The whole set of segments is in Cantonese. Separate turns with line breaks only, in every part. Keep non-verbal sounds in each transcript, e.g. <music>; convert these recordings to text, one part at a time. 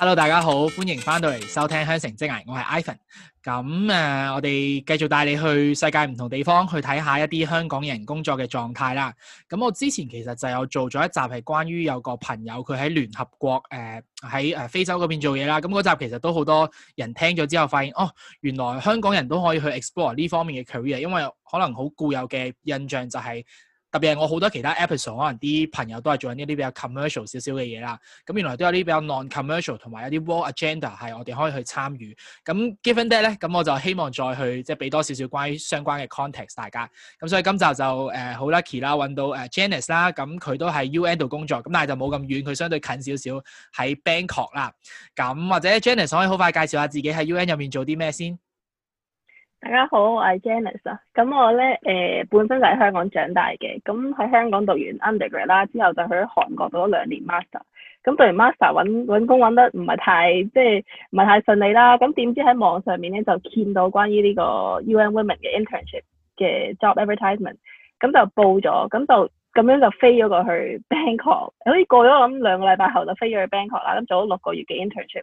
Hello，大家好，歡迎翻到嚟收聽香城職涯，我係 Ivan。咁、嗯、誒，我哋繼續帶你去世界唔同地方去睇下一啲香港人工作嘅狀態啦。咁、嗯、我之前其實就有做咗一集係關於有個朋友佢喺聯合國誒喺誒非洲嗰邊做嘢啦。咁、嗯、嗰集其實都好多人聽咗之後發現哦，原來香港人都可以去 explore 呢方面嘅 career，因為可能好固有嘅印象就係、是。特別係我好多其他 episode，可能啲朋友都係做緊一啲比較 commercial 少少嘅嘢啦。咁原來都有啲比較 non-commercial 同埋有啲 world agenda 係我哋可以去參與。咁 given that 咧，咁我就希望再去即係俾多少少關於相關嘅 context 大家。咁所以今集就誒好 lucky 啦，揾到誒 Janice 啦。咁佢都喺 UN 度工作，咁但係就冇咁遠，佢相對近少少喺 Bangkok 啦。咁或者 Janice 可以好快介紹下自己喺 UN 入面做啲咩先？
大家好，我係 Janice 啊。咁我咧誒、呃，本身就喺香港長大嘅。咁喺香港讀完 undergrad 啦，之後就去咗韓國讀咗兩年 master。咁讀完 master 揾揾工揾得唔係太即係唔係太順利啦。咁點知喺網上面咧就見到關於呢個 UN Women 嘅 internship 嘅 job advertisement，咁就報咗，咁就咁樣就飛咗過去 Bangkok。好似過咗咁兩個禮拜後就飛咗去 Bangkok 啦，咁做咗六個月嘅 internship。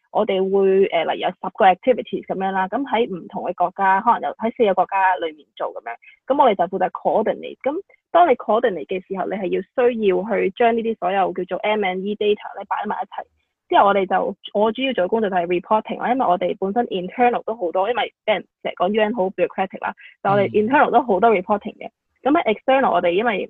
我哋會誒、呃，例如有十個 activities 咁樣啦，咁喺唔同嘅國家，可能有喺四個國家裏面做咁樣，咁我哋就負責 coordinate。咁當你 coordinate 嘅時候，你係要需要去將呢啲所有叫做 M and E data 咧擺埋一齊。之後我哋就我主要做嘅工作就係 reporting 啦，因為我哋本身 internal 都好多，因為啲人成日講 UN 好 bureaucratic 啦、嗯，但我哋 internal 都好多 reporting 嘅。咁喺 external 我哋因為。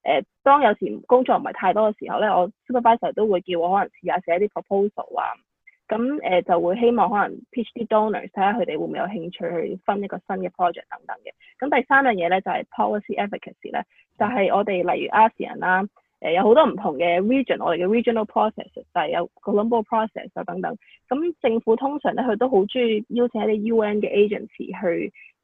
誒、呃，當有時工作唔係太多嘅時候咧，我 supervisor 都會叫我可能試下寫一啲 proposal 啊，咁、呃、誒就會希望可能 pitch 啲 donors，睇下佢哋會唔會有興趣去分一個新嘅 project 等等嘅。咁第三樣嘢咧就係 policy advocacy 咧，就係、是就是、我哋例如 ASEAN 啦，誒、呃、有好多唔同嘅 region，我哋嘅 regional process 就係有 Colombo process 啊等等。咁政府通常咧佢都好中意邀請一啲 UN 嘅 agency 去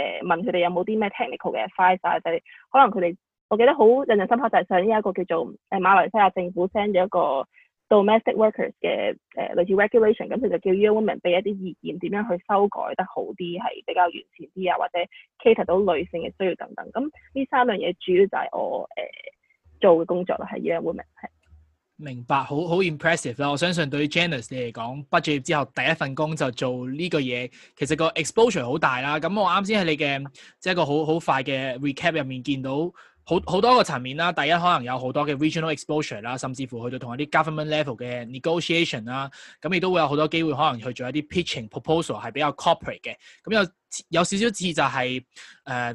誒問佢哋有冇啲咩 technical 嘅 file 啊？就係可能佢哋，我記得好印象深刻就係上依一個叫做誒馬來西亞政府 send 咗一個 domestic workers 嘅誒、呃、類似 regulation，咁其實佢就叫 UN Women 俾一啲意見點樣去修改得好啲，係比較完善啲啊，或者 cater 到女性嘅需要等等。咁呢三樣嘢主要就係我誒、呃、做嘅工作啦，係 UN Women 係。
明白，好好 impressive 咯！我相信對於 Janice 你嚟講，畢咗業之後第一份工就做呢個嘢，其實個 exposure 好大啦。咁我啱先喺你嘅即係一個好好快嘅 recap 入面見到好好多個層面啦。第一可能有好多嘅 regional exposure 啦，甚至乎去到同一啲 government level 嘅 negotiation 啦。咁亦都會有好多機會可能去做一啲 pitching proposal 係比較 corporate 嘅。咁有有少少似就係、是、誒。呃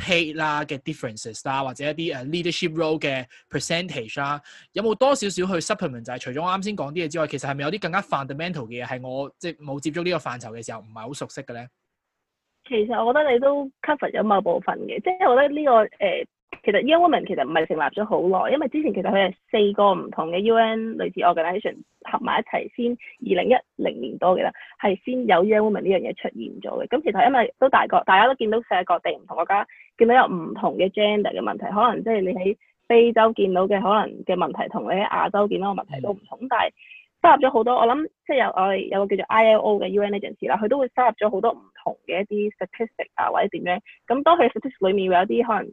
pay 啦嘅 differences 啦，或者一啲誒 leadership role 嘅 percentage 啦、啊，有冇多少少去 supplement？就係除咗我啱先講啲嘢之外，其實係咪有啲更加 fundamental 嘅嘢係我即係冇接觸呢個範疇嘅時候唔係好熟悉嘅咧？
其實我覺得你都 cover 咗某部分嘅，即係我覺得呢個。誒、呃。其實 UN Women 其實唔係成立咗好耐，因為之前其實佢係四個唔同嘅 U.N. 類似 organisation 合埋一齊先，二零一零年多嘅啦，係先有 UN Women 呢樣嘢出現咗嘅。咁其實因為都大個，大家都見到世界各地唔同國家見到有唔同嘅 gender 嘅問題，可能即係你喺非洲見到嘅可能嘅問題，同你喺亞洲見到嘅問題都唔同。嗯、但係，收入咗好多，我諗即係有我哋有個叫做 I.L.O. 嘅 U.N. agency 啦，佢都會收入咗好多唔同嘅一啲 statistics 啊，或者點樣咁，當佢 statistics 裡面會有啲可，可能。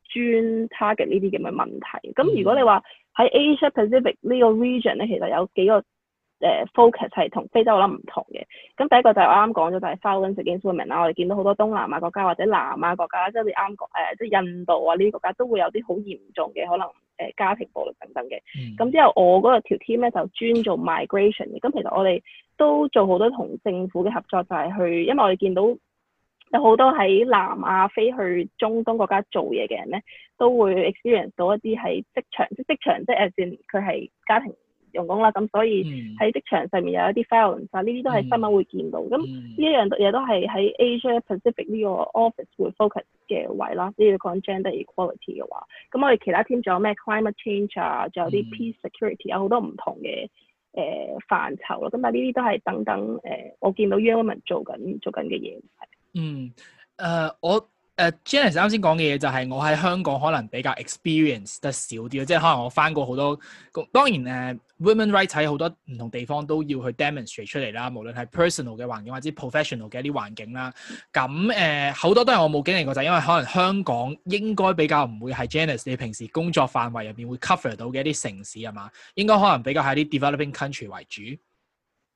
專 target 呢啲咁嘅問題，咁、嗯、如果你話喺 Asia Pacific 呢個 region 咧，其實有幾個誒 focus 係同非洲我諗唔同嘅。咁第一個就係我啱講咗，就係 violence against women 啦。我哋見到好多東南亞國家或者南亞國家，即係啱講誒，即係印度啊呢啲國家都會有啲好嚴重嘅可能誒家庭暴力等等嘅。咁、嗯、之後我嗰條 team 咧就專做 migration 嘅。咁其實我哋都做好多同政府嘅合作，就係去，因為我哋見到。有好多喺南亞飛去中東國家做嘢嘅人咧，都會 experience 到一啲喺職場，即係職場，即係誒佢係家庭用工啦。咁所以喺職場上面有一啲 violence，呢啲都係新聞會見到。咁呢一樣嘢都係喺 Asia Pacific 呢個 office 會 focus 嘅位啦。呢度講 gender equality 嘅話，咁我哋其他 team 仲有咩 climate change 啊，仲有啲 peace security，嗯、有好多唔同嘅誒、呃、範疇咯。咁但呢啲都係等等誒、呃，我見到 Young Women 做緊做緊嘅嘢。
嗯，誒、呃，我誒、呃，Janice 啱先講嘅嘢就係我喺香港可能比較 experience 得少啲，即係可能我翻過好多，當然誒、呃，women rights 喺好多唔同地方都要去 demonstrate 出嚟啦，無論係 personal 嘅環境或者 professional 嘅一啲環境啦，咁誒，好多都係我冇經歷過，就係因為可能香港應該比較唔會係 Janice 你平時工作範圍入邊會 cover 到嘅一啲城市啊嘛，應該可能比較喺啲 developing country 為主。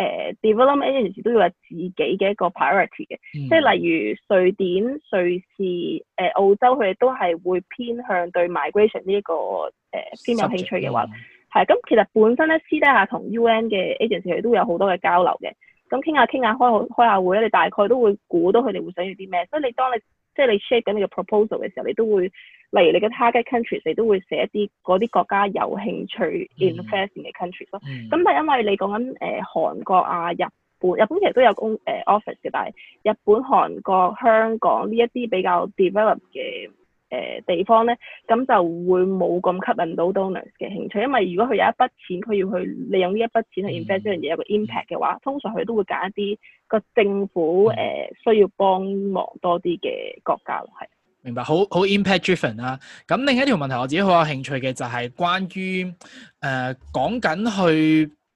誒、呃、development agency 都要有自己嘅一個 priority 嘅，即係、嗯、例如瑞典、瑞士、誒、呃、澳洲，佢哋都係會偏向對 migration 呢、這、一個誒偏有興趣嘅話。係、呃、咁 Subject、呃、其實本身咧私底下同 UN 嘅 agency 佢都有好多嘅交流嘅，咁傾下傾下開開下會，咧，你大概都會估到佢哋會想要啲咩，所以你當你即係你 share 緊你個 proposal 嘅時候，你都會，例如你嘅 target countries，你都會寫一啲嗰啲國家有興趣 investing 嘅 countries 咯、mm。咁、hmm. 但係因為你講緊誒韓國啊、日本，日本其實都有公誒、呃、office 嘅，但係日本、韓國、香港呢一啲比較 develop 嘅。誒、呃、地方咧，咁就會冇咁吸引到 donors 嘅興趣，因為如果佢有一筆錢，佢要去利用呢一筆錢去 invest 呢樣嘢有個 impact 嘅、嗯嗯、話，通常佢都會揀一啲個政府誒、呃、需要幫忙多啲嘅國家。係，
明白，好好 impact driven 啦、啊。咁另一條問題我自己好有興趣嘅就係關於誒、呃、講緊去。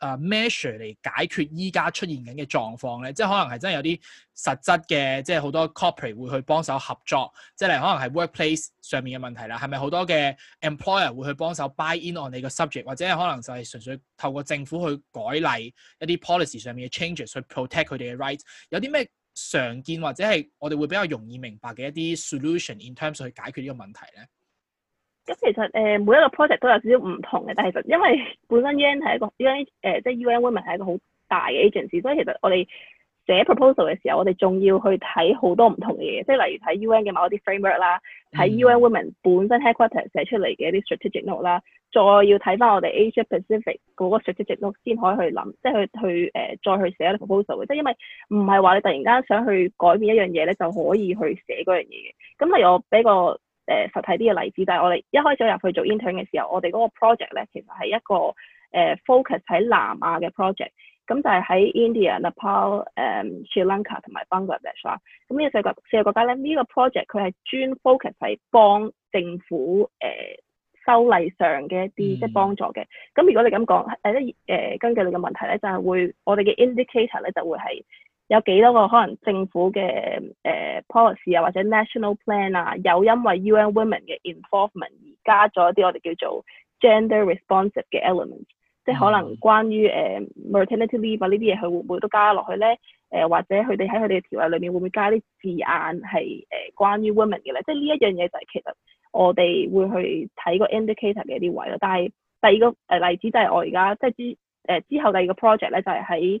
誒、uh, measure 嚟解決依家出現緊嘅狀況咧，即係可能係真係有啲實質嘅，即係好多 corporate 會去幫手合作，即係可能係 workplace 上面嘅問題啦。係咪好多嘅 employer 會去幫手 buy in on 你個 subject，或者係可能就係純粹透過政府去改例一啲 policy 上面嘅 changes 去 protect 佢哋嘅 right？有啲咩常見或者係我哋會比較容易明白嘅一啲 solution in terms 去解決呢個問題咧？
咁其實誒每一個 project 都有少少唔同嘅，但係其實因為本身 UN 係一個 UN 誒、呃，即係 UN Women 係一個好大嘅 agency，所以其實我哋寫 proposal 嘅時候，我哋仲要去睇好多唔同嘅嘢，即係例如睇 UN 嘅某一啲 framework 啦、嗯，睇 UN Women 本身 headquarters 寫出嚟嘅一啲 strategic note 啦，再要睇翻我哋 Asia Pacific 嗰個 strategic note 先可以去諗，即係去去誒、呃、再去寫 proposal 嘅，即係因為唔係話你突然間想去改變一樣嘢咧，就可以去寫嗰樣嘢嘅。咁例如我俾個誒、呃、實體啲嘅例子，但係我哋一開始入去做 intern 嘅時候，我哋嗰個 project 咧其實係一個誒 focus 喺南亞嘅 project，咁就係喺 India、ind ia, Nepal、呃、誒 Sri Lanka 同埋 Bangladesh 咁、啊、呢四個世界國家咧，呢、這個 project 佢係專 focus 係幫政府誒修例上嘅一啲、嗯、即係幫助嘅。咁如果你咁講誒咧誒，根據你嘅問題咧，就係、是、會我哋嘅 indicator 咧就會係。有幾多個可能政府嘅誒、呃、policy 啊，或者 national plan 啊，有因為 UN Women 嘅 involvement 而加咗一啲我哋叫做 gender responsive 嘅 element，嗯、即係可能關於誒、呃、 <music> maternity leave 呢啲嘢，佢會唔會都加落去咧？誒、呃、或者佢哋喺佢哋嘅條例裏面會唔會加啲字眼係誒、呃、關於 women 嘅咧？即係呢一樣嘢就係其實我哋會去睇個 indicator 嘅啲位咯。但係第二個誒、呃、例子就係我而家即係之誒之後第二個 project 咧，就係喺。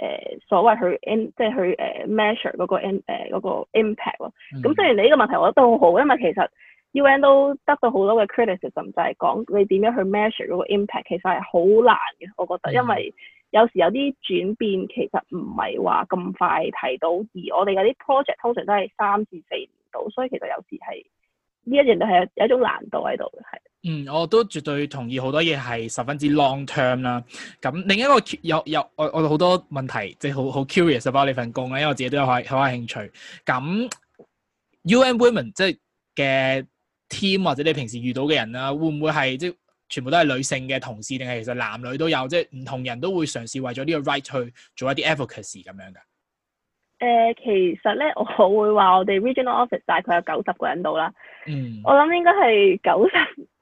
誒、呃、所謂去 n 即係去誒 measure 嗰、呃那個 n 誒嗰 impact 咯。咁、嗯、雖然你呢個問題我覺得都好，好，因為其實 U N 都得到好多嘅 criticism 就係講你點樣去 measure 嗰個 impact 其實係好難嘅。我覺得因為有時有啲轉變其實唔係話咁快提到，而我哋嗰啲 project 通常都係三至四年到，所以其實有時係呢一樣都係有一種難度喺度嘅，係。
嗯，我都絕對同意，好多嘢係十分之 long term 啦。咁另一個有有，有我我哋好多問題，即係好好 curious about 呢份工咧，因為我自己都有好有興趣。咁 UN Women 即係嘅 team 或者你平時遇到嘅人啦，會唔會係即係全部都係女性嘅同事，定係其實男女都有？即係唔同人都會嘗試為咗呢個 right 去做一啲 advocacy 咁樣噶、
呃？誒，其實咧，我會話我哋 Regional Office 大概有九十個人度啦。嗯，我諗應該係九十。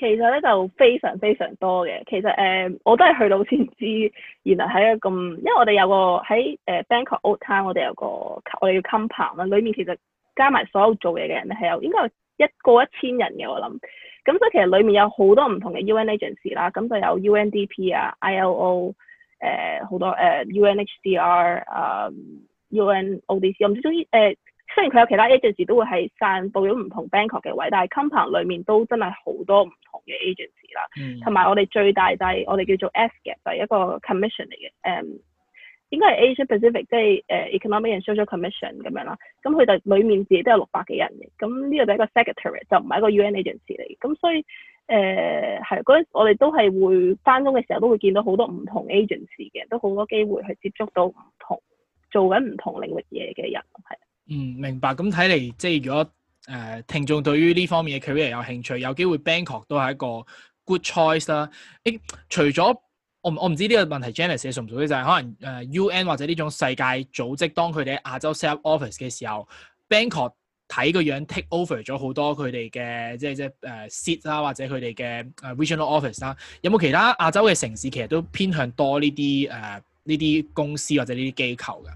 其實咧就非常非常多嘅，其實誒、呃、我都係去到先知，原來喺一個咁，因為我哋有個喺誒、呃、Bangkok Old Town，我哋有個我哋叫 Compound，裡面其實加埋所有做嘢嘅人咧係有應該有一個一千人嘅我諗，咁所以其實裏面有好多唔同嘅 UN Agency 啦，咁就有 UNDP 啊、呃、ILO 誒好多誒、呃、UNHCR、呃、UNODC，我唔知中意誒。雖然佢有其他 agency 都會係散布咗唔同 Bangkok 嘅位，但係 company 裏面都真係好多唔同嘅 agency 啦。同埋、嗯、我哋最大就係我哋叫做 Asia 嘅就係、是、一個 commission 嚟嘅，誒、嗯、應該係 Asian Pacific 即係誒 Economic and Social Commission 咁樣啦。咁佢就裏面自己都有六百幾人嘅。咁呢個就係一個 secretariat，就唔係一個 UN agency 嚟嘅。咁所以誒係嗰陣我哋都係會返工嘅時候都會見到好多唔同 agency 嘅，都好多機會去接觸到唔同做緊唔同領域嘢嘅人係。
嗯，明白。咁睇嚟，即係如果誒、呃、聽眾對於呢方面嘅 career 有興趣，有機會 Bangkok 都係一個 good choice 啦。誒、欸，除咗我我唔知呢個問題，Janice 嘅熟唔熟悉，就係、是、可能誒 UN 或者呢種世界組織，當佢哋喺亞洲 set up office 嘅時候 Bangkok 睇個樣 take over 咗好多佢哋嘅即係即係誒 seat 啦，呃、seat，或者佢哋嘅誒 regional office 啦。有冇其他亞洲嘅城市其實都偏向多呢啲誒呢啲公司或者呢啲機構嘅？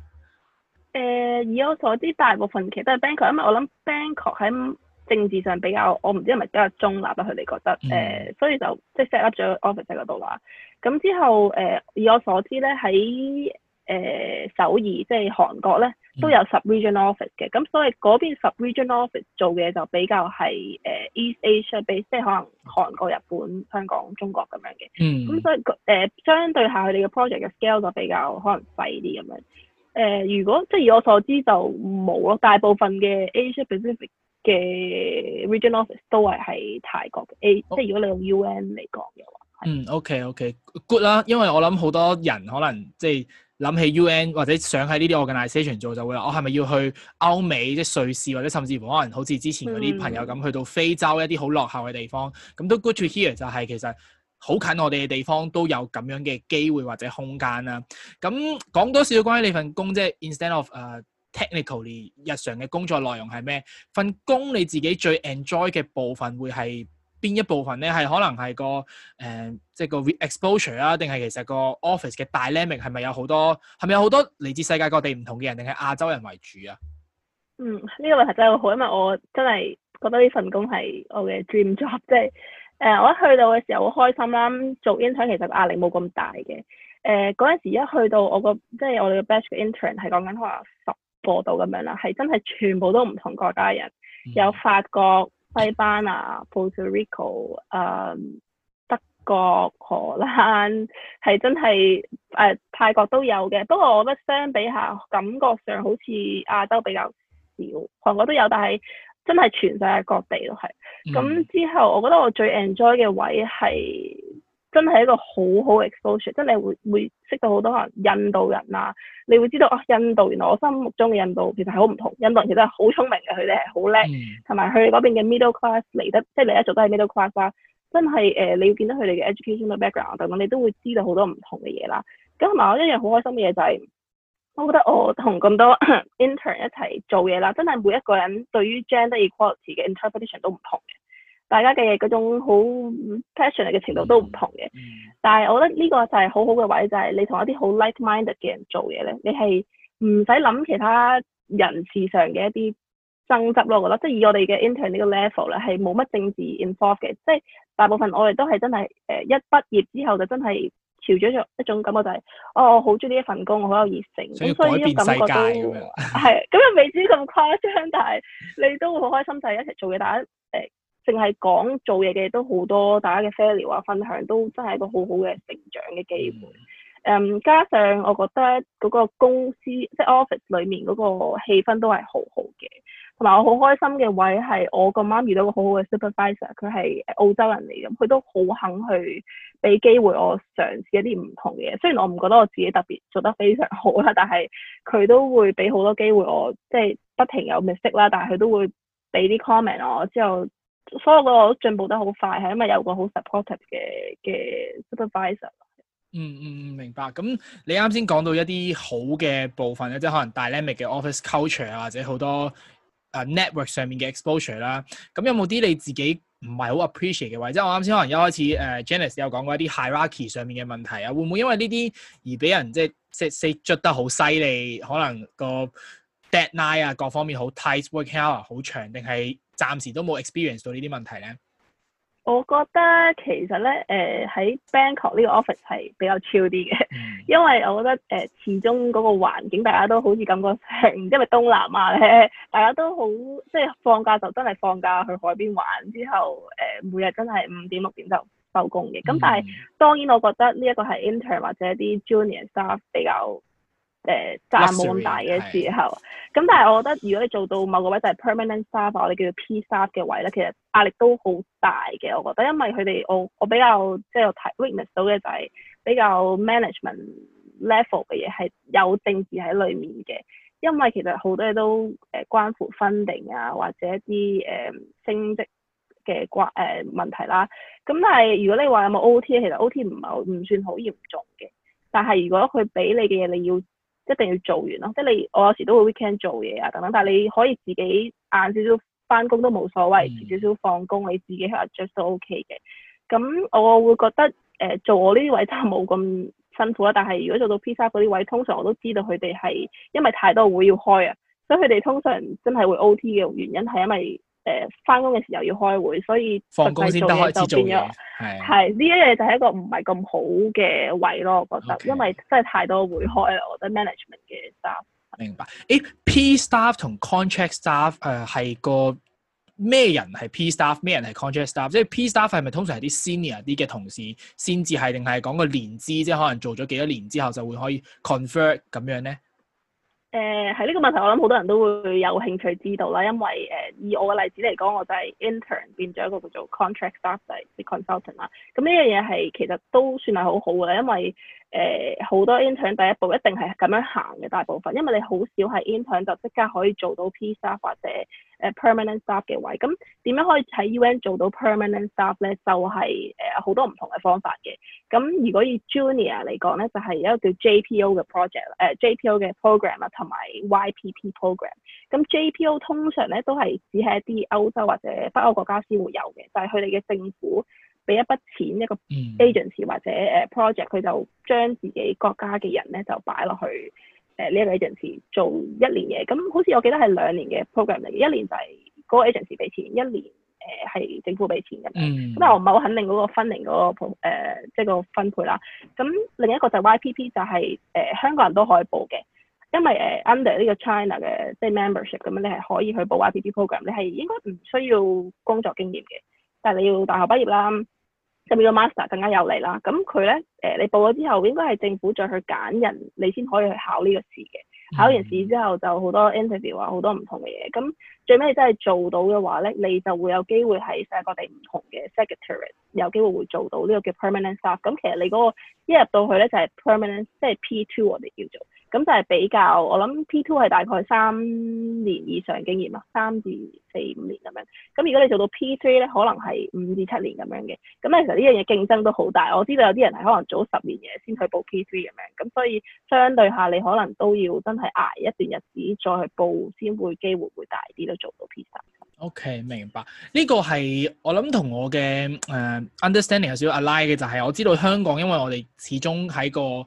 誒、呃，以我所知，大部分其實都係 Bangkok，因為我諗 Bangkok 喺政治上比較，我唔知係咪比較中立啦，佢哋覺得誒、嗯呃，所以就即 set up 咗 office 嗰度啦。咁之後誒、呃，以我所知咧，喺誒、呃、首爾即係韓國咧，都有 sub region office 嘅。咁、嗯、所以嗰邊 sub region office 做嘅就比較係誒、呃、East Asia base，即係可能韓國、日本、香港、中國咁樣嘅。
嗯。咁所以
個、呃、相對下佢哋嘅 project 嘅 scale 就比較可能細啲咁樣。誒、呃，如果即係以我所知就冇咯，大部分嘅 Asia Pacific 嘅 Region Office 都係喺泰國嘅，A、哦、即係如果你用 UN 嚟講
嘅話。嗯，OK OK，good、okay, 啦，因為我諗好多人可能即係諗起 UN 或者想喺呢啲 organisation 做，就會話我係咪要去歐美，即係瑞士或者甚至乎可能好似之前嗰啲朋友咁、嗯、去到非洲一啲好落後嘅地方，咁都 good to hear 就係其實。好近我哋嘅地方都有咁樣嘅機會或者空間啦。咁講多少少關於你份工，即係 instead of 誒、uh, technically 日常嘅工作內容係咩？份工你自己最 enjoy 嘅部分會係邊一部分咧？係可能係個誒即係個 exposure 啊，定係其實個 office 嘅 dynamic 係咪有好多，係咪有好多嚟自世界各地唔同嘅人，定係亞洲人為主啊？嗯，呢、
這個問題真係好，好，因為我真係覺得呢份工係我嘅 dream job，即係。就是誒、呃、我一去到嘅時候好開心啦，做 intern 其實壓力冇咁大嘅。誒嗰陣時一去到我個，即係我哋嘅 batch intern 係講緊可能十個度咁樣啦，係真係全部都唔同國家人，嗯、有法國、西班牙、Puerto Rico、誒德國、荷蘭，係真係誒、呃、泰國都有嘅。不過我覺得相比下，感覺上好似亞洲比較少，韓國都有，但係。真係全世界各地都係，咁、mm hmm。之後我覺得我最 enjoy 嘅位係真係一個好好嘅 exposure，即係你會會識到好多人，印度人啦、啊，你會知道啊印度原來我心目中嘅印度其實係好唔同，印度人其實係好聰明嘅，佢哋係好叻，同埋佢哋嗰邊嘅 middle class 嚟得即係你一族都係 middle class 啦、啊，真係誒、呃、你要見到佢哋嘅 education background 等等，你都會知道好多唔同嘅嘢啦。咁同埋我一樣好開心嘅嘢就係、是。我覺得我同咁多 <coughs> intern 一齊做嘢啦，真係每一個人對於 gender equality 嘅 interpretation 都唔同嘅，大家嘅嗰種好 passionate 嘅程度都唔同嘅。嗯嗯。但係我覺得呢個就係好好嘅位，就係、是、你同一啲好 like-minded 嘅人做嘢咧，你係唔使諗其他人事上嘅一啲爭執咯。我覺得即係以我哋嘅 intern 呢個 level 咧，係冇乜政治 involved 嘅，即係大部分我哋都係真係誒一畢業之後就真係。調咗一種感覺就係、是，哦，我好中意呢一份工，我好有熱誠，所以呢種感覺都係，咁又 <laughs> 未至於咁誇張，但係你都好開心，就係一齊做嘢。大家誒，淨係講做嘢嘅都好多，大家嘅交流啊，分享都真係一個好好嘅成長嘅機會。誒、嗯，加上我覺得嗰個公司 <laughs> 即係 office 裏面嗰個氣氛都係好好嘅。同埋我好開心嘅位係我咁啱遇到個好好嘅 supervisor，佢係澳洲人嚟嘅，佢都好肯去俾機會我嘗試一啲唔同嘅嘢。雖然我唔覺得我自己特別做得非常好啦，但係佢都會俾好多機會我，即係不停有 miss 啦。但係佢都會俾啲 comment 我之後，所以我覺得我進步得好快，係因為有個好 supportive 嘅嘅 supervisor。嗯嗯，
明白。咁你啱先講到一啲好嘅部分咧，即係可能 dynamic 嘅 office culture 或者好多。誒 network 上面嘅 exposure 啦，咁有冇啲你自己唔係好 appreciate 嘅位？即我啱先可能一開始誒、呃、Janice 有講過一啲 hierarchy 上面嘅問題啊，會唔會因為呢啲而俾人即係即係捽得好犀利？可能個 deadline 啊，各方面好 tight working hour 好長，定係暫時都冇 experience 到呢啲問題咧？
我覺得其實咧誒，喺、呃、Bangkok、ok、呢個 office 係比較 chill 啲嘅。因為我覺得誒、呃，始終嗰個環境大家都好似感覺成，唔知係咪東南亞咧， <laughs> 大家都好，即係放假就真係放假去海邊玩，之後誒、呃、每日真係五點六點就收工嘅。咁、嗯、但係當然我覺得呢一個係 intern 或者啲 junior staff 比較誒壓力冇咁大嘅時候。咁 luxury, 但係我覺得如果你做到某個位就係、是、permanent staff 或者叫做 P staff 嘅位咧，其實壓力都好大嘅。我覺得因為佢哋我我比較即係有睇 witness 到嘅就係、是。比較 management level 嘅嘢係有政治喺裏面嘅，因為其實好多嘢都誒、呃、關乎 funding 啊，或者一啲誒、呃、升職嘅關誒、呃、問題啦。咁但係如果你話有冇 O T，其實 O T 唔係唔算好嚴重嘅。但係如果佢俾你嘅嘢，你要一定要做完咯，即、就、係、是、你我有時都會 weekend 做嘢啊等等。但係你可以自己晏少少翻工都冇所謂，少少放工你自己去 adjust 都 OK 嘅。咁、嗯、我會覺得。誒、呃、做我呢啲位真係冇咁辛苦啦，但係如果做到 P staff 嗰啲位，通常我都知道佢哋係因為太多會要開啊，所以佢哋通常真係會 OT 嘅原因係因為誒翻工嘅時候要開會，所以放工先得開始做嘢。係呢一樣就係一個唔係咁好嘅位咯，我覺得，Okay. 因為真係太多會開，我覺得 management 嘅 staff。
明白誒，P staff 同 contract staff 誒、呃、係個。咩人係 P staff，咩人係 contract staff？即係 P staff 係咪通常係啲 senior 啲嘅同事先至係，定係講個年資，即係可能做咗幾多年之後就會可以 convert 咁樣咧？
誒、呃，喺呢個問題，我諗好多人都會有興趣知道啦，因為誒、呃，以我嘅例子嚟講，我就係 intern 變咗一個叫做 contract staff，就係啲 consultant 啦。咁呢樣嘢係其實都算係好好嘅，因為誒好、呃、多 intern 第一步一定係咁樣行嘅大部分，因為你好少係 intern 就即刻可以做到 P staff 或者。誒 permanent staff 嘅位，咁點樣可以喺 UN 做到 permanent staff 咧？就係誒好多唔同嘅方法嘅。咁如果以 junior 嚟講咧，就係一個叫 JPO 嘅 project，誒 JPO 嘅 program 啊，同埋 YPP program。咁 JPO 通常咧都係只係一啲歐洲或者北歐國家先會有嘅，但係佢哋嘅政府俾一筆錢、嗯、一個 agency 或者誒 project，佢就將自己國家嘅人咧就擺落去。誒呢、呃呢個 agency 做一年嘢，咁好似我記得係兩年嘅 program 嚟嘅，一年就係嗰個 agency 俾錢，一年誒係、呃、政府俾錢咁樣，咁、嗯、但係我唔係好肯定嗰個分齡嗰個即係、呃就是、個分配啦。咁另一個就 YPP 就係、是、誒、呃、香港人都可以報嘅，因為誒、呃、under 呢個 China 嘅即係 membership 咁樣，就是、hip，你係可以去報 YPP program，你係應該唔需要工作經驗嘅，但係你要大學畢業啦。入面個 master 更加有利啦，咁佢咧誒，你報咗之後應該係政府再去揀人，你先可以去考呢個試嘅。嗯、考完試之後就好多 interview 啊，好多唔同嘅嘢。咁最尾真係做到嘅話咧，你就會有機會喺世界各地唔同嘅 secretariat 有機會會做到呢個叫 permanent staff。咁其實你嗰、那個一入到去咧就係 permanent，即係 P two 我哋叫做。咁就係比較，我諗 P2 係大概三年以上經驗啊，三至四五年咁樣。咁如果你做到 P3 咧，可能係五至七年咁樣嘅。咁其實呢樣嘢競爭都好大。我知道有啲人係可能早十年嘢先去報 P3 咁樣。咁所以相對下你可能都要真係捱一段日子再去報，先會機會會大啲都做到 P3。
OK，明白。呢、這個係我諗同我嘅誒、uh, understanding 有少少 align 嘅，就係、是、我知道香港因為我哋始終喺個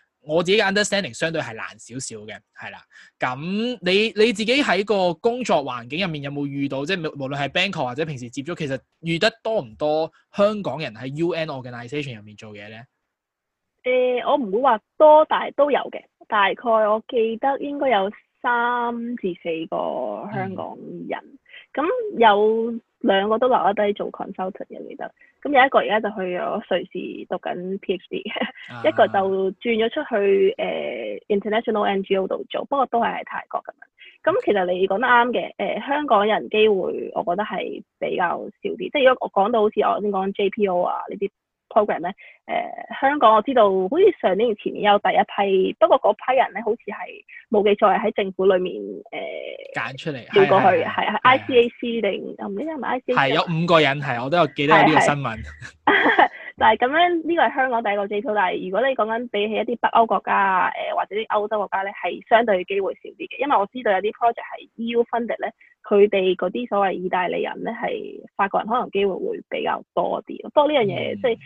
我自己嘅 understanding 相對係難少少嘅，係啦。咁你你自己喺個工作環境入面有冇遇到，即係無論係 Bangkok 或者平時接觸，其實遇得多唔多香港人喺 UN organization 入面做嘢咧？
誒，我唔會話多，但係都有嘅。大概我記得應該有三至四個香港人。嗯。咁有。兩個都留咗低做 consultant，記得。咁有一個而家就去咗瑞士讀緊 PhD， <laughs> 一個就轉咗出去誒、呃、international NGO 度做，不過都係喺泰國咁樣。咁其實你講得啱嘅，誒、呃、香港人機會我覺得係比較少啲，即係如果我講到好似我先講 JPO 啊呢啲 program 咧、呃，誒香港我知道，好似上年前年有第一批，不過嗰批人咧好似係冇記錯係喺政府裏面誒
揀、呃、出嚟調過去，係
係 ICAC 定唔知係咪 ICAC？係，有
五個人係，是是是我都有記得有呢個新聞。
是是 <laughs> 就係咁樣，呢個係香港第一個 JTO。但係如果你講緊比起一啲北歐國家啊，誒、呃、或者啲歐洲國家咧，係相對機會少啲嘅。因為我知道有啲 project 係 EU funded 咧，佢哋啲所謂意大利人咧係法國人，可能機會會比較多啲。不過呢樣嘢即係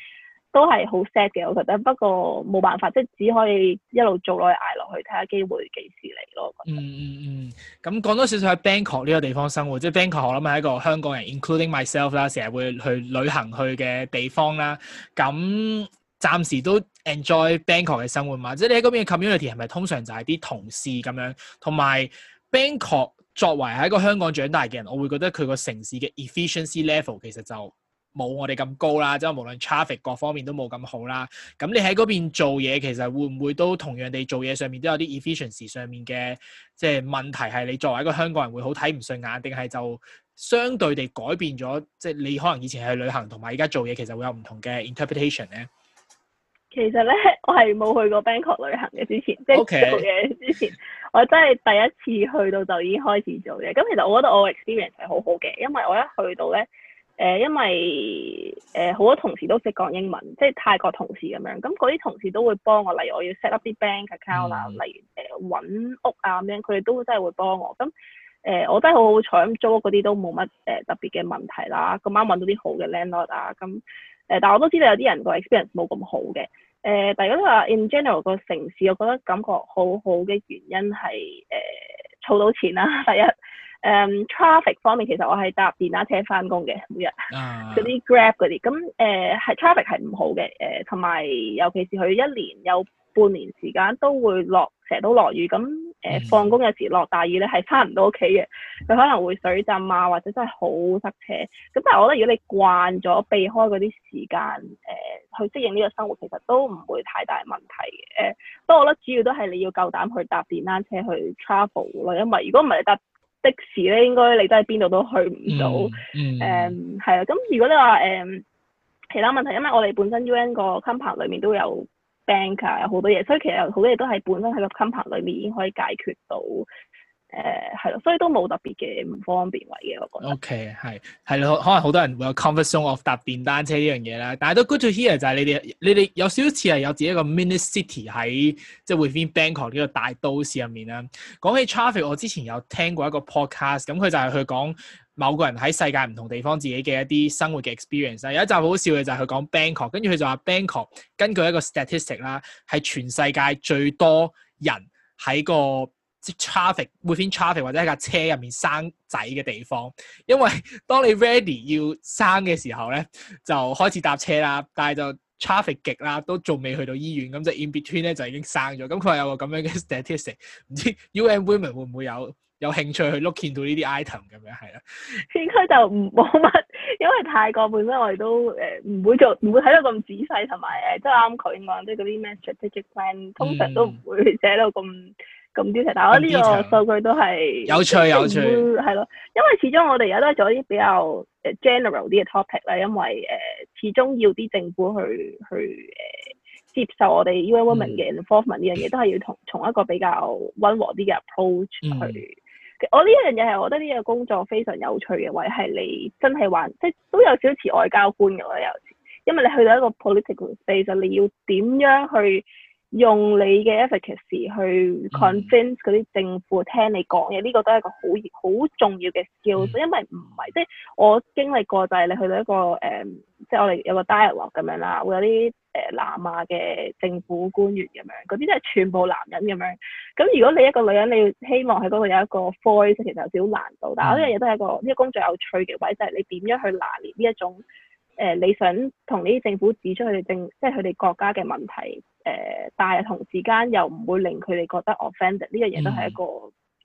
都係好 sad 嘅，我覺得。不過冇辦法，即係只可以一路做落去挨落去，睇下機會幾時嚟。
嗯嗯嗯，咁、嗯嗯、講多少少喺 Bangkok 呢個地方生活，即係 Bangkok 我諗係一個香港人，including myself 啦，成日會去旅行去嘅地方啦。咁暫時都 enjoy Bangkok 嘅生活嘛。即係你喺嗰邊嘅 community 係咪通常就係啲同事咁樣？同埋 Bangkok 作為喺一個香港長大嘅人，我會覺得佢個城市嘅 efficiency level 其實就～冇我哋咁高啦，即係無論 traffic 各方面都冇咁好啦。咁你喺嗰邊做嘢，其實會唔會都同樣地做嘢上面都有啲 efficiency 上面嘅即係問題，係你作為一個香港人會好睇唔順眼，定係就相對地改變咗？即係你可能以前係去旅行，同埋而家做嘢，其實會有唔同嘅 interpretation 咧。
其實咧，我係冇去過 Bangkok 旅行嘅，之前 Okay. 即係做嘢之前，我真係第一次去到就已經開始做嘢。咁其實我覺得我 experience 係好好嘅，因為我一去到咧。誒，因為誒、呃、好多同事都識講英文，即係泰國同事咁樣，咁嗰啲同事都會幫我，例如我要 set up 啲 bank account、嗯呃、啊，例如誒揾屋啊咁樣，佢哋都真係會幫我。咁、嗯、誒、呃，我真係好好彩，咁租屋嗰啲都冇乜誒特別嘅問題啦。咁啱揾到啲好嘅 landlord 啊，咁、嗯、誒、呃，但係我都知道有啲人個 experience 冇咁好嘅。誒、呃，大家都話 in general 個城市，我覺得感覺好好嘅原因係誒儲到錢啦、啊，第一。誒、um, traffic 方面，其實我係搭電單車翻工嘅，每日嗰啲 grab 嗰啲咁誒，係 traffic 係唔好嘅誒，同、呃、埋尤其係佢一年有半年時間都會落成日都落雨，咁誒放工有時落大雨咧係返唔到屋企嘅，佢可能會水浸啊，或者真係好塞車。咁但係我覺得如果你慣咗避開嗰啲時間誒、呃，去適應呢個生活，其實都唔會太大問題嘅誒。不、呃、過我覺得主要都係你要夠膽去搭電單車去 travel 咯，因為如果唔係你搭。即時咧，時應該你都喺邊度都去唔到。誒、嗯，係、嗯、啊。咁、um, 如果你話誒、um, 其他問題，因為我哋本身 UN 個 compound 裏面都有 bank 啊，有好多嘢，所以其實好多嘢都喺本身喺個 compound 裏面已經可以解決到。誒係咯，所以
都冇特別嘅唔方便位嘅，我覺得。OK，係係咯，可能好多人會有 comfort zone of 搭電單車呢樣嘢啦。但係都 good to hear 就係、是、你哋你哋有少少似係有自己一個 mini city 喺即係 within Bangkok 呢個大都市入面啦。講起 traffic，我之前有聽過一個 podcast，咁佢就係去講某個人喺世界唔同地方自己嘅一啲生活嘅 experience。有一集好笑嘅就係佢講 Bangkok，跟住佢就話 Bangkok 根據一個 statistic 啦，係全世界最多人喺個。即 traffic within traffic，或者喺架車入面生仔嘅地方，因為當你 ready 要生嘅時候咧，就開始搭車啦，但係就 traffic 極啦，都仲未去到醫院，咁就 in between 咧就已經生咗。咁佢話有個咁樣嘅 statistic，唔知 UN Women 會唔會有？有興趣去 look 見到呢啲 item 咁樣係啦，應該就
唔冇乜，因為泰國本身我哋都誒唔、呃、會做，唔會睇到咁仔細，同埋誒即係啱佢講，即係嗰啲 management plan 通常都唔會寫到咁咁 detail。但係我覺得呢個數據都係有趣有趣，係咯個趣，因為始終我哋而家都係做一啲比較誒 general 啲嘅 topic 啦，因為誒、呃、始終要啲政府去去誒接受我哋 UN women 嘅 involvement 呢樣嘢，都係要同從一個比較溫和啲嘅 approach 去。去我呢一樣嘢係，我覺得呢個工作非常有趣嘅位係你真係玩，即係都有少少似外交官咁樣有，因為你去到一個 political space，你要點樣去用你嘅 efficacy 去 convince 嗰啲政府聽你講嘢，呢、嗯、個都係一個好好重要嘅 skill、嗯。因為唔係即係我經歷過就係、是、你去到一個誒、呃，即係我哋有個 dialog 咁樣啦，會有啲誒、呃、南亞嘅政府官員咁樣，嗰啲都係全部男人咁樣。咁如果你一個女人，你希望喺嗰度有一個 voice，其實有少少難度。嗯、但係呢樣嘢都係一個呢、這個工作有趣嘅位，就係、是、你點樣去拿捏呢一種誒、呃，你想同呢啲政府指出佢哋政，即係佢哋國家嘅問題。誒、呃，但係同時間又唔會令佢哋覺得 offended 呢樣嘢都係一個。嗯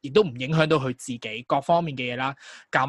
亦都唔影響到佢自己各方面嘅嘢啦。咁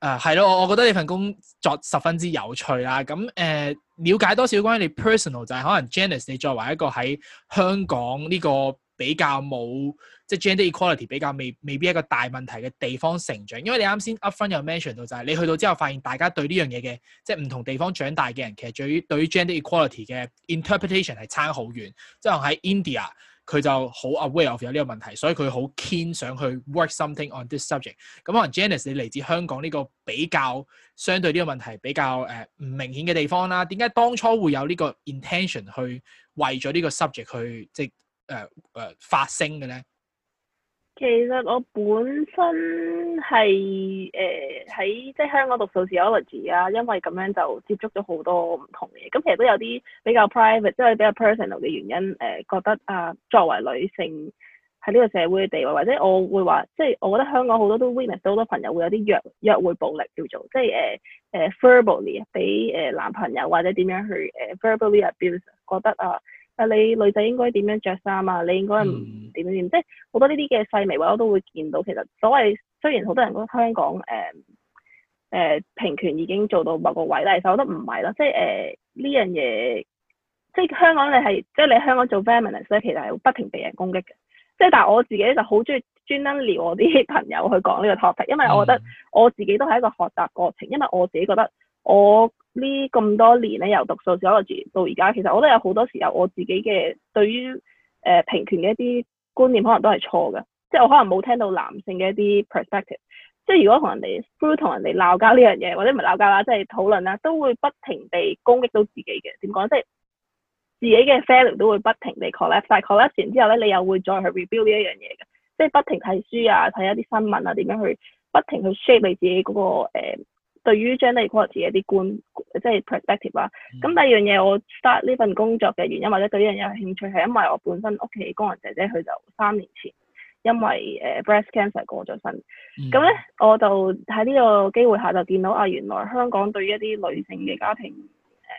誒係咯，我覺得呢份工作十分之有趣啦。咁誒瞭解多少關於你 personal 就係、是、可能 Janice 你作為一個喺香港呢個比較冇即係 gender equality 比較未未必一個大問題嘅地方成長，因為你啱先 upfront 又 mention 到就係、是、你去到之後發現大家對呢樣嘢嘅即係唔同地方長大嘅人其實對於對於 gender equality 嘅 interpretation 係差好遠。即係喺 India。佢就好 aware of 有呢個問題，所以佢好 keen 想去 work something on this subject。咁、嗯、可能 Janice 你嚟自香港呢個比較相對呢個問題比較誒唔、呃、明顯嘅地方啦。點解當初會有呢個 intention 去為咗呢個 subject 去即係誒誒發聲嘅咧？
其實我本身係誒喺即係香港讀 sociology 啊，因為咁樣就接觸咗好多唔同嘅嘢。咁其實都有啲比較 private，即係比較 personal 嘅原因誒、呃，覺得啊作為女性喺呢個社會嘅地位，或者我會話即係我覺得香港好多都 women 好多朋友會有啲約約會暴力叫做即係誒誒 verbally 俾誒、呃、男朋友或者點樣去誒、呃、verbally abuse。覺得啊。呃啊！你女仔應該點樣着衫啊？你應該點點點，嗯、即係好多呢啲嘅細微，我都會見到。其實所謂雖然好多人覺得香港誒誒、呃呃、平權已經做到某個位，但其實我覺得唔係咯。即係誒呢樣嘢，即係香港你係即係你香港做 feminist 咧，其實係不停被人攻擊嘅。即係但係我自己就好鍾意專登撩我啲朋友去講呢個 topic，因為我覺得我自己都係一個學習過程，因為我自己覺得。我呢咁多年咧，由讀數字 o 到而家，其實我都有好多時候我自己嘅對於誒、呃、平權嘅一啲觀念，可能都係錯嘅，即係我可能冇聽到男性嘅一啲 perspective。即係如果同人哋 through 同人哋鬧交呢樣嘢，或者唔係鬧交啦，即係討論啦，都會不停地攻擊到自己嘅點講，即係自己嘅 family 都會不停地 collapse。c o l l e c t 完之後咧，你又會再去 review 呢一樣嘢嘅，即係不停睇書啊，睇一啲新聞啊，點樣去不停去 shape 你自己嗰、那個、呃對於 gender equality 嘅一啲觀，即係 perspective 啦、嗯。咁第二樣嘢，我 start 呢份工作嘅原因或者嗰啲人有興趣係因為我本身屋企工人姐姐佢就三年前因為誒、呃、breast cancer 過咗身。咁咧、嗯，我就喺呢個機會下就見到啊，原來香港對於一啲女性嘅家庭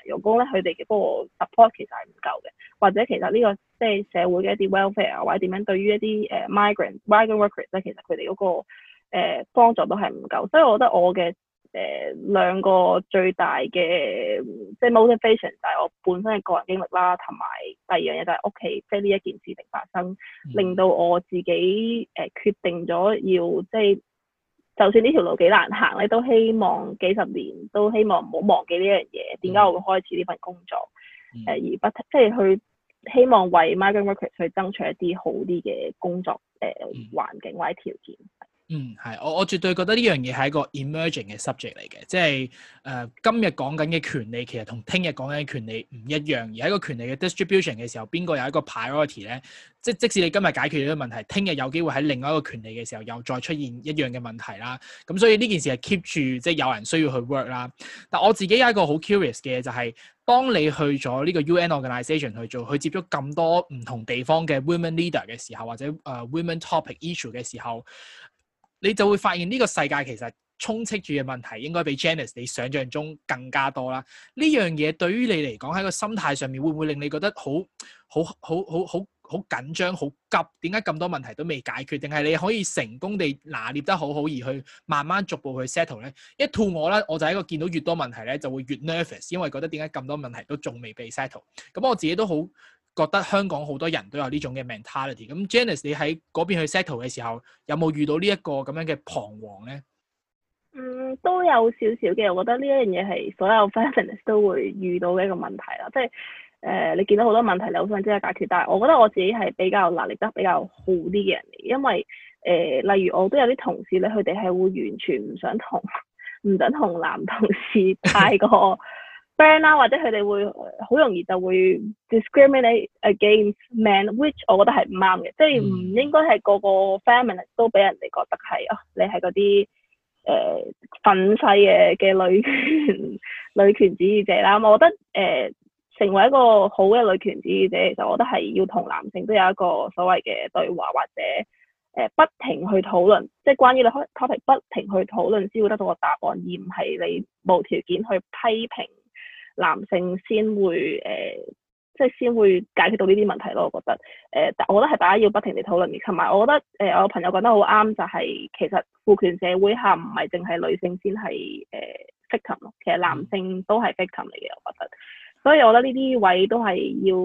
誒傭工咧，佢哋嘅嗰個 support 其實係唔夠嘅。或者其實呢、這個即係社會嘅一啲 welfare 或者點樣，對於一啲誒、呃、migrant migrant workers 咧，其實佢哋嗰個誒、呃、幫助都係唔夠。所以我覺得我嘅誒、呃、兩個最大嘅、嗯、即係 motivation，就係我本身嘅個人經歷啦，同埋第二樣嘢就係屋企，即係呢一件事情發生，嗯、令到我自己誒、呃、決定咗要即係，就算呢條路幾難行咧，都希望幾十年都希望唔好忘記呢樣嘢。點解、嗯、我會開始呢份工作？誒、嗯呃、而不即係去希望為 migrant workers 去爭取一啲好啲嘅工作誒、呃嗯、環境或者條件。
嗯，係，我我絕對覺得呢樣嘢係一個 emerging 嘅 subject 嚟嘅，即係誒今日講緊嘅權利其實同聽日講緊嘅權利唔一樣，而喺個權利嘅 distribution 嘅時候，邊個有一個 priority 咧？即即使你今日解決咗個問題，聽日有機會喺另外一個權利嘅時候又再出現一樣嘅問題啦。咁所以呢件事係 keep 住即係、就是、有人需要去 work 啦。但我自己有一個好 curious 嘅嘢，就係、是，當你去咗呢個 UN organisation 去做，去接觸咁多唔同地方嘅 women leader 嘅時候，或者誒、uh, women topic issue 嘅時候。你就會發現呢個世界其實充斥住嘅問題應該比 Janice 你想像中更加多啦。呢樣嘢對於你嚟講喺個心態上面會唔會令你覺得好好好好好好緊張好急？點解咁多問題都未解決？定係你可以成功地拿捏得好好而去慢慢逐步去 settle 咧？一吐我啦，我就係一個見到越多問題咧就會越 nervous，因為覺得點解咁多問題都仲未被 settle？咁我自己都好。覺得香港好多人都有呢種嘅 mentality，咁 Janice 你喺嗰邊去 settle 嘅時候，有冇遇到呢一個咁樣嘅彷徨咧？嗯，
都有少少嘅，我覺得呢一樣嘢係所有 feminist 都會遇到嘅一個問題啦，即係誒你見到好多問題，你好想即刻解決，但係我覺得我自己係比較能力得比較好啲嘅人嚟，因為誒、呃、例如我都有啲同事咧，佢哋係會完全唔想同唔想同男同事太過 <laughs> friend 啦，或者佢哋會好容易就會 discriminate against men，which <music> 我覺得係唔啱嘅，嗯、即係唔應該係個個 feminist 都俾人哋覺得係啊。你係嗰啲誒憤世嘅嘅女權女權主義者啦、嗯。我覺得誒、呃、成為一個好嘅女權主義者，其實我覺得係要同男性都有一個所謂嘅對話，或者誒、呃、不停去討論，即係關於你 topic 不停去討論，先會得到個答案，而唔係你無條件去批評。男性先會誒、呃，即係先會解決到呢啲問題咯。我覺得誒、呃，我覺得係大家要不停地討論，同埋我覺得誒、呃，我朋友講得好啱，就係、是、其實父權社會下唔係淨係女性先係誒 victim 咯，呃、victim，其實男性都係 victim 嚟嘅。我覺得，所以我覺得呢啲位都係要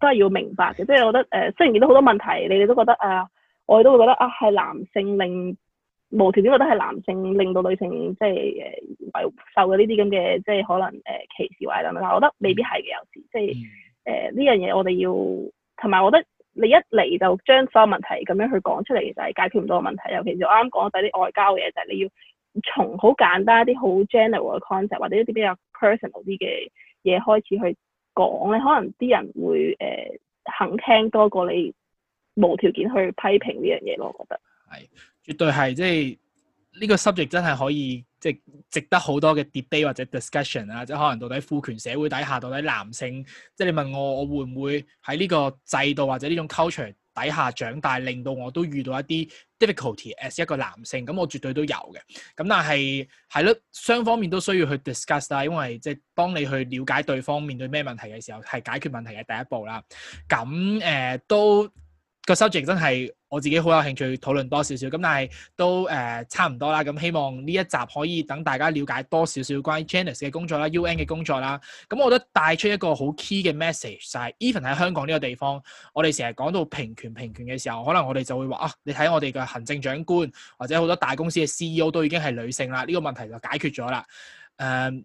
都係要明白嘅，即、就、係、是、我覺得誒、呃，雖然見到好多問題，你哋都覺得啊、呃，我哋都會覺得啊，係男性令。無條件覺得係男性令到女性即係誒、呃、受咗呢啲咁嘅即係可能誒、呃、歧視或者等等，但我覺得未必係嘅，有時，即係誒呢樣嘢我哋要同埋，我覺得你一嚟就將所有問題咁樣去講出嚟，就係、是、解決唔到嘅問題。尤其是我啱講就係啲外交嘅嘢，就係、是、你要從好簡單一啲好 general 嘅 concept 或者一啲比較 personal 啲嘅嘢開始去講咧，可能啲人會誒、呃、肯聽多過你無條件去批評呢樣嘢咯。我覺得係。
絕對係即係呢個 subject 真係可以即係值得好多嘅 debate 或者 discussion 啦，即係可能到底父權社會底下到底男性，即係你問我我會唔會喺呢個制度或者呢種 culture 底下長大，令到我都遇到一啲 difficulty as 一個男性，咁我絕對都有嘅。咁但係係咯，雙方面都需要去 discuss 啦，因為即係當你去了解對方面對咩問題嘅時候，係解決問題嘅第一步啦。咁誒、呃、都。個 subject 真係我自己好有興趣討論多少少咁，但係都誒、呃、差唔多啦。咁、嗯、希望呢一集可以等大家了解多少少關於 Janice 嘅工作啦、UN 嘅工作啦。咁、嗯、我覺得帶出一個好 key 嘅 message 就係，even 喺香港呢個地方，我哋成日講到平權平權嘅時候，可能我哋就會話啊，你睇我哋嘅行政長官或者好多大公司嘅 CEO 都已經係女性啦，呢、這個問題就解決咗啦。誒、嗯。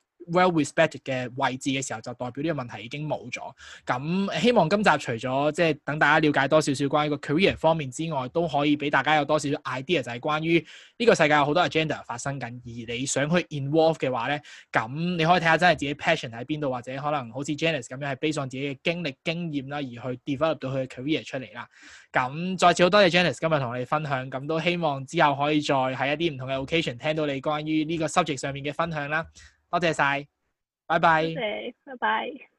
Well respected 嘅位置嘅時候，就代表呢個問題已經冇咗。咁希望今集除咗即係等大家了解多少少關於個 career 方面之外，都可以俾大家有多少少 idea，就係關於呢個世界有好多 agenda 發生緊，而你想去 involve 嘅話咧，咁你可以睇下真係自己 passion 喺邊度，或者可能好似 Janice 咁樣係 based on 自己嘅經歷經驗啦，而去 develop 到佢嘅 career 出嚟啦。咁再次好多謝 Janice 今日同我哋分享，咁都希望之後可以再喺一啲唔同嘅 occasion 聽到你關於呢個 subject 上面嘅分享啦。多謝晒，拜拜。多
謝，拜拜。